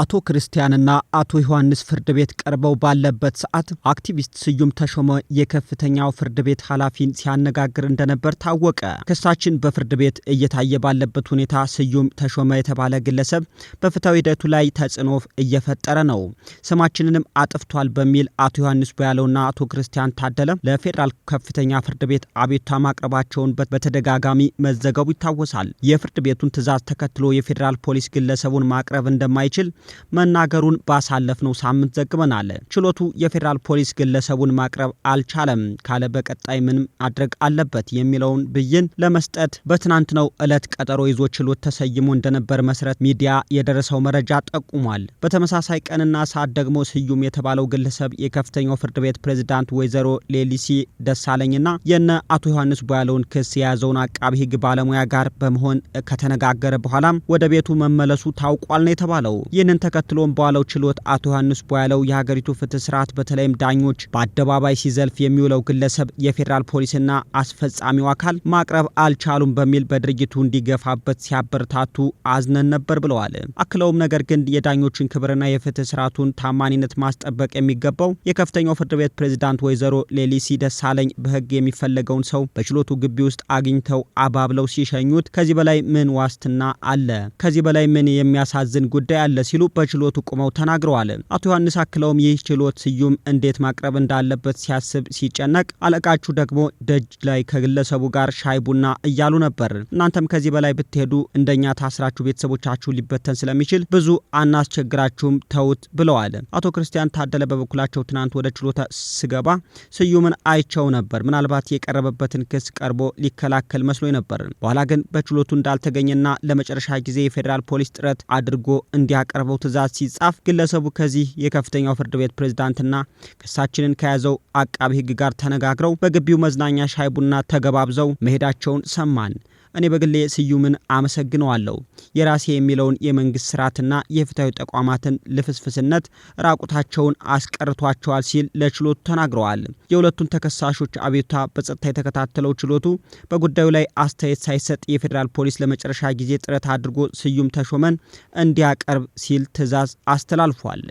አቶ ክርስቲያንና አቶ ዮሐንስ ፍርድ ቤት ቀርበው ባለበት ሰዓት አክቲቪስት ስዩም ተሾመ የከፍተኛው ፍርድ ቤት ኃላፊን ሲያነጋግር እንደነበር ታወቀ። ክሳችን በፍርድ ቤት እየታየ ባለበት ሁኔታ ስዩም ተሾመ የተባለ ግለሰብ በፍትሐዊ ሂደቱ ላይ ተጽዕኖ እየፈጠረ ነው፣ ስማችንንም አጥፍቷል በሚል አቶ ዮሐንስ ቦያለውና አቶ ክርስቲያን ታደለ ለፌዴራል ከፍተኛ ፍርድ ቤት አቤቱታ ማቅረባቸውን በተደጋጋሚ መዘገቡ ይታወሳል። የፍርድ ቤቱን ትዕዛዝ ተከትሎ የፌዴራል ፖሊስ ግለሰቡን ማቅረብ እንደማይችል መናገሩን ባሳለፍነው ሳምንት ዘግበናል። ችሎቱ የፌዴራል ፖሊስ ግለሰቡን ማቅረብ አልቻለም ካለ በቀጣይ ምን ማድረግ አለበት የሚለውን ብይን ለመስጠት በትናንትናው ዕለት ቀጠሮ ይዞ ችሎት ተሰይሞ እንደነበር መሰረት ሚዲያ የደረሰው መረጃ ጠቁሟል። በተመሳሳይ ቀንና ሰዓት ደግሞ ስዩም የተባለው ግለሰብ የከፍተኛው ፍርድ ቤት ፕሬዝዳንት ወይዘሮ ሌሊሲ ደሳለኝና የነ አቶ ዮሐንስ ቦያለውን ክስ የያዘውን አቃቢ ሕግ ባለሙያ ጋር በመሆን ከተነጋገረ በኋላም ወደ ቤቱ መመለሱ ታውቋል ነው የተባለው። ይህን ይህንን ተከትሎም በዋለው ችሎት አቶ ዮሐንስ ቧያለው የሀገሪቱ ፍትህ ስርዓት በተለይም ዳኞች በአደባባይ ሲዘልፍ የሚውለው ግለሰብ የፌዴራል ፖሊስና አስፈጻሚው አካል ማቅረብ አልቻሉም በሚል በድርጊቱ እንዲገፋበት ሲያበረታቱ አዝነን ነበር ብለዋል። አክለውም ነገር ግን የዳኞችን ክብርና የፍትህ ስርዓቱን ታማኒነት ማስጠበቅ የሚገባው የከፍተኛው ፍርድ ቤት ፕሬዝዳንት ወይዘሮ ሌሊሲ ደሳለኝ በህግ የሚፈለገውን ሰው በችሎቱ ግቢ ውስጥ አግኝተው አባብለው ሲሸኙት ከዚህ በላይ ምን ዋስትና አለ? ከዚህ በላይ ምን የሚያሳዝን ጉዳይ አለ? ሲሉ ሲሉ በችሎቱ ቆመው ተናግረዋል። አቶ ዮሐንስ አክለውም ይህ ችሎት ስዩም እንዴት ማቅረብ እንዳለበት ሲያስብ ሲጨነቅ፣ አለቃችሁ ደግሞ ደጅ ላይ ከግለሰቡ ጋር ሻይ ቡና እያሉ ነበር። እናንተም ከዚህ በላይ ብትሄዱ እንደኛ ታስራችሁ ቤተሰቦቻችሁ ሊበተን ስለሚችል ብዙ አናስቸግራችሁም ተውት ብለዋል። አቶ ክርስቲያን ታደለ በበኩላቸው ትናንት ወደ ችሎታ ስገባ ስዩምን አይቸው ነበር። ምናልባት የቀረበበትን ክስ ቀርቦ ሊከላከል መስሎ ነበር። በኋላ ግን በችሎቱ እንዳልተገኘና ለመጨረሻ ጊዜ የፌዴራል ፖሊስ ጥረት አድርጎ እንዲያቀርበው የቀረበው ትዕዛዝ ሲጻፍ ግለሰቡ ከዚህ የከፍተኛው ፍርድ ቤት ፕሬዝዳንትና ክሳችንን ከያዘው አቃቢ ሕግ ጋር ተነጋግረው በግቢው መዝናኛ ሻይ ቡና ተገባብዘው መሄዳቸውን ሰማን። እኔ በግሌ ስዩምን አመሰግነዋለሁ። የራሴ የሚለውን የመንግስት ስርዓትና የፍትሐዊ ተቋማትን ልፍስፍስነት ራቁታቸውን አስቀርቷቸዋል ሲል ለችሎቱ ተናግረዋል። የሁለቱን ተከሳሾች አቤቱታ በጸጥታ የተከታተለው ችሎቱ በጉዳዩ ላይ አስተያየት ሳይሰጥ የፌዴራል ፖሊስ ለመጨረሻ ጊዜ ጥረት አድርጎ ስዩም ተሾመን እንዲያቀርብ ሲል ትዕዛዝ አስተላልፏል።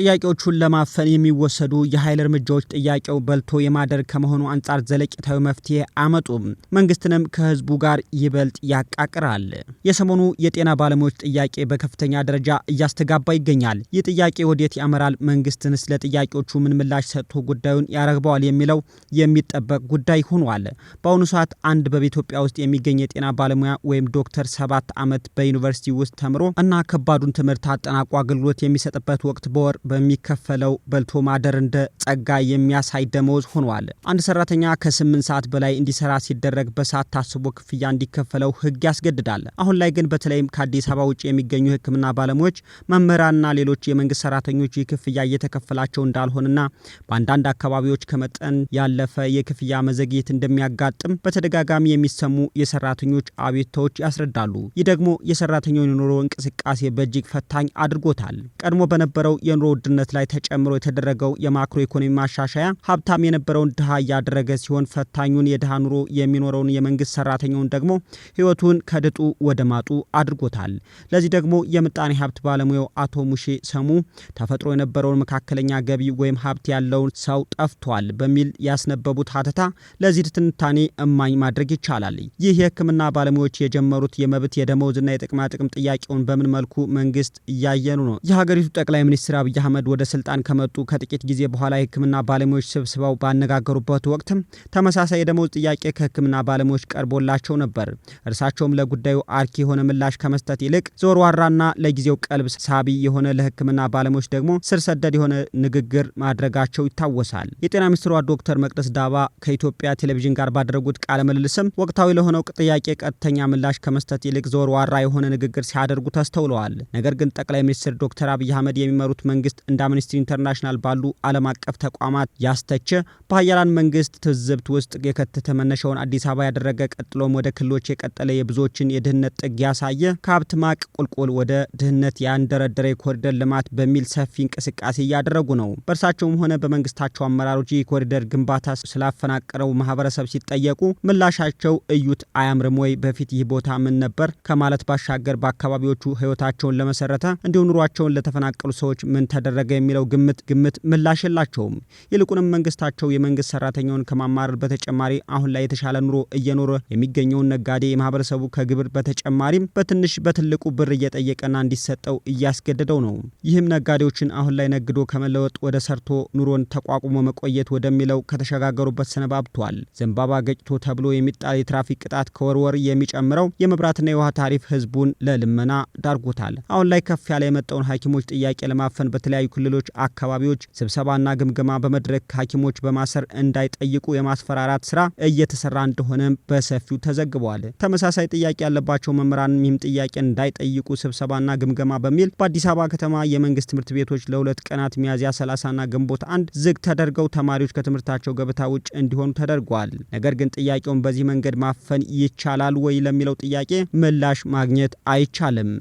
ጥያቄዎቹን ለማፈን የሚወሰዱ የኃይል እርምጃዎች ጥያቄው በልቶ የማደር ከመሆኑ አንጻር ዘለቂታዊ መፍትሄ አመጡም፣ መንግስትንም ከህዝቡ ጋር ይበልጥ ያቃቅራል። የሰሞኑ የጤና ባለሙያዎች ጥያቄ በከፍተኛ ደረጃ እያስተጋባ ይገኛል። ይህ ጥያቄ ወዴት ያመራል? መንግስትን ስለ ጥያቄዎቹ ምን ምላሽ ሰጥቶ ጉዳዩን ያረግበዋል? የሚለው የሚጠበቅ ጉዳይ ሆኗል። በአሁኑ ሰዓት አንድ በኢትዮጵያ ውስጥ የሚገኝ የጤና ባለሙያ ወይም ዶክተር ሰባት ዓመት በዩኒቨርሲቲ ውስጥ ተምሮ እና ከባዱን ትምህርት አጠናቆ አገልግሎት የሚሰጥበት ወቅት በወር በሚከፈለው በልቶ ማደር እንደ ጸጋ የሚያሳይ ደመወዝ ሆኗል። አንድ ሰራተኛ ከስምንት ሰዓት በላይ እንዲሰራ ሲደረግ በሰዓት ታስቦ ክፍያ እንዲከፈለው ህግ ያስገድዳል። አሁን ላይ ግን በተለይም ከአዲስ አበባ ውጭ የሚገኙ ህክምና ባለሙያዎች፣ መምህራንና ሌሎች የመንግስት ሰራተኞች የክፍያ ክፍያ እየተከፈላቸው እንዳልሆንና በአንዳንድ አካባቢዎች ከመጠን ያለፈ የክፍያ መዘግየት እንደሚያጋጥም በተደጋጋሚ የሚሰሙ የሰራተኞች አቤቱታዎች ያስረዳሉ። ይህ ደግሞ የሰራተኛውን የኑሮ እንቅስቃሴ በእጅግ ፈታኝ አድርጎታል። ቀድሞ በነበረው የኑሮ ውድነት ላይ ተጨምሮ የተደረገው የማክሮ ኢኮኖሚ ማሻሻያ ሀብታም የነበረውን ድሃ እያደረገ ሲሆን ፈታኙን የድሃ ኑሮ የሚኖረውን የመንግስት ሰራተኛውን ደግሞ ህይወቱን ከድጡ ወደ ማጡ አድርጎታል። ለዚህ ደግሞ የምጣኔ ሀብት ባለሙያው አቶ ሙሼ ሰሙ ተፈጥሮ የነበረውን መካከለኛ ገቢ ወይም ሀብት ያለውን ሰው ጠፍቷል በሚል ያስነበቡት ሀተታ ለዚህ ትንታኔ እማኝ ማድረግ ይቻላል። ይህ የህክምና ባለሙያዎች የጀመሩት የመብት የደመወዝና የጥቅማ ጥቅም ጥያቄውን በምን መልኩ መንግስት እያየኑ ነው? የሀገሪቱ ጠቅላይ ሚኒስትር አብይ አህመድ ወደ ስልጣን ከመጡ ከጥቂት ጊዜ በኋላ የህክምና ባለሙያዎች ስብስበው ባነጋገሩበት ወቅት ተመሳሳይ የደመወዝ ጥያቄ ከህክምና ባለሙያዎች ቀርቦላቸው ነበር። እርሳቸውም ለጉዳዩ አርኪ የሆነ ምላሽ ከመስጠት ይልቅ ዘወርዋራና ለጊዜው ቀልብ ሳቢ የሆነ ለህክምና ባለሙያዎች ደግሞ ስር ሰደድ የሆነ ንግግር ማድረጋቸው ይታወሳል። የጤና ሚኒስትሯ ዶክተር መቅደስ ዳባ ከኢትዮጵያ ቴሌቪዥን ጋር ባደረጉት ቃለ ምልልስም ወቅታዊ ለሆነው ጥያቄ ቀጥተኛ ምላሽ ከመስጠት ይልቅ ዘወርዋራ የሆነ ንግግር ሲያደርጉ ተስተውለዋል። ነገር ግን ጠቅላይ ሚኒስትር ዶክተር አብይ አህመድ የሚመሩት መንግስት መንግስት እንደ አምነስቲ ኢንተርናሽናል ባሉ ዓለም አቀፍ ተቋማት ያስተቸ በሀያላን መንግስት ትዝብት ውስጥ የከተተ መነሻውን አዲስ አበባ ያደረገ ቀጥሎም ወደ ክልሎች የቀጠለ የብዙዎችን የድህነት ጥግ ያሳየ ከሀብት ማቅ ቁልቁል ወደ ድህነት ያንደረደረ የኮሪደር ልማት በሚል ሰፊ እንቅስቃሴ እያደረጉ ነው። በእርሳቸውም ሆነ በመንግስታቸው አመራሮች ይህ ኮሪደር ግንባታ ስላፈናቀረው ማህበረሰብ ሲጠየቁ ምላሻቸው እዩት አያምርም ወይ? በፊት ይህ ቦታ ምን ነበር ከማለት ባሻገር በአካባቢዎቹ ህይወታቸውን ለመሰረተ እንዲሁ ኑሯቸውን ለተፈናቀሉ ሰዎች ምን ተደረገ የሚለው ግምት ግምት ምላሽ የላቸውም። ይልቁንም መንግስታቸው የመንግስት ሰራተኛውን ከማማረር በተጨማሪ አሁን ላይ የተሻለ ኑሮ እየኖረ የሚገኘውን ነጋዴ የማህበረሰቡ ከግብር በተጨማሪም በትንሽ በትልቁ ብር እየጠየቀና እንዲሰጠው እያስገደደው ነው። ይህም ነጋዴዎችን አሁን ላይ ነግዶ ከመለወጥ ወደ ሰርቶ ኑሮን ተቋቁሞ መቆየት ወደሚለው ከተሸጋገሩበት ሰነባብቷል። ዘንባባ ገጭቶ ተብሎ የሚጣል የትራፊክ ቅጣት ከወርወር የሚጨምረው የመብራትና የውሃ ታሪፍ ህዝቡን ለልመና ዳርጎታል። አሁን ላይ ከፍ ያለ የመጣውን ሐኪሞች ጥያቄ ለማፈን በተለያዩ ክልሎች አካባቢዎች ስብሰባና ግምገማ በመድረክ ሐኪሞች በማሰር እንዳይጠይቁ የማስፈራራት ስራ እየተሰራ እንደሆነ በሰፊው ተዘግቧል። ተመሳሳይ ጥያቄ ያለባቸው መምህራንም ይህም ጥያቄ እንዳይጠይቁ ስብሰባና ግምገማ በሚል በአዲስ አበባ ከተማ የመንግስት ትምህርት ቤቶች ለሁለት ቀናት ሚያዝያ 30ና ግንቦት አንድ ዝግ ተደርገው ተማሪዎች ከትምህርታቸው ገበታ ውጭ እንዲሆኑ ተደርጓል። ነገር ግን ጥያቄውን በዚህ መንገድ ማፈን ይቻላል ወይ ለሚለው ጥያቄ ምላሽ ማግኘት አይቻልም።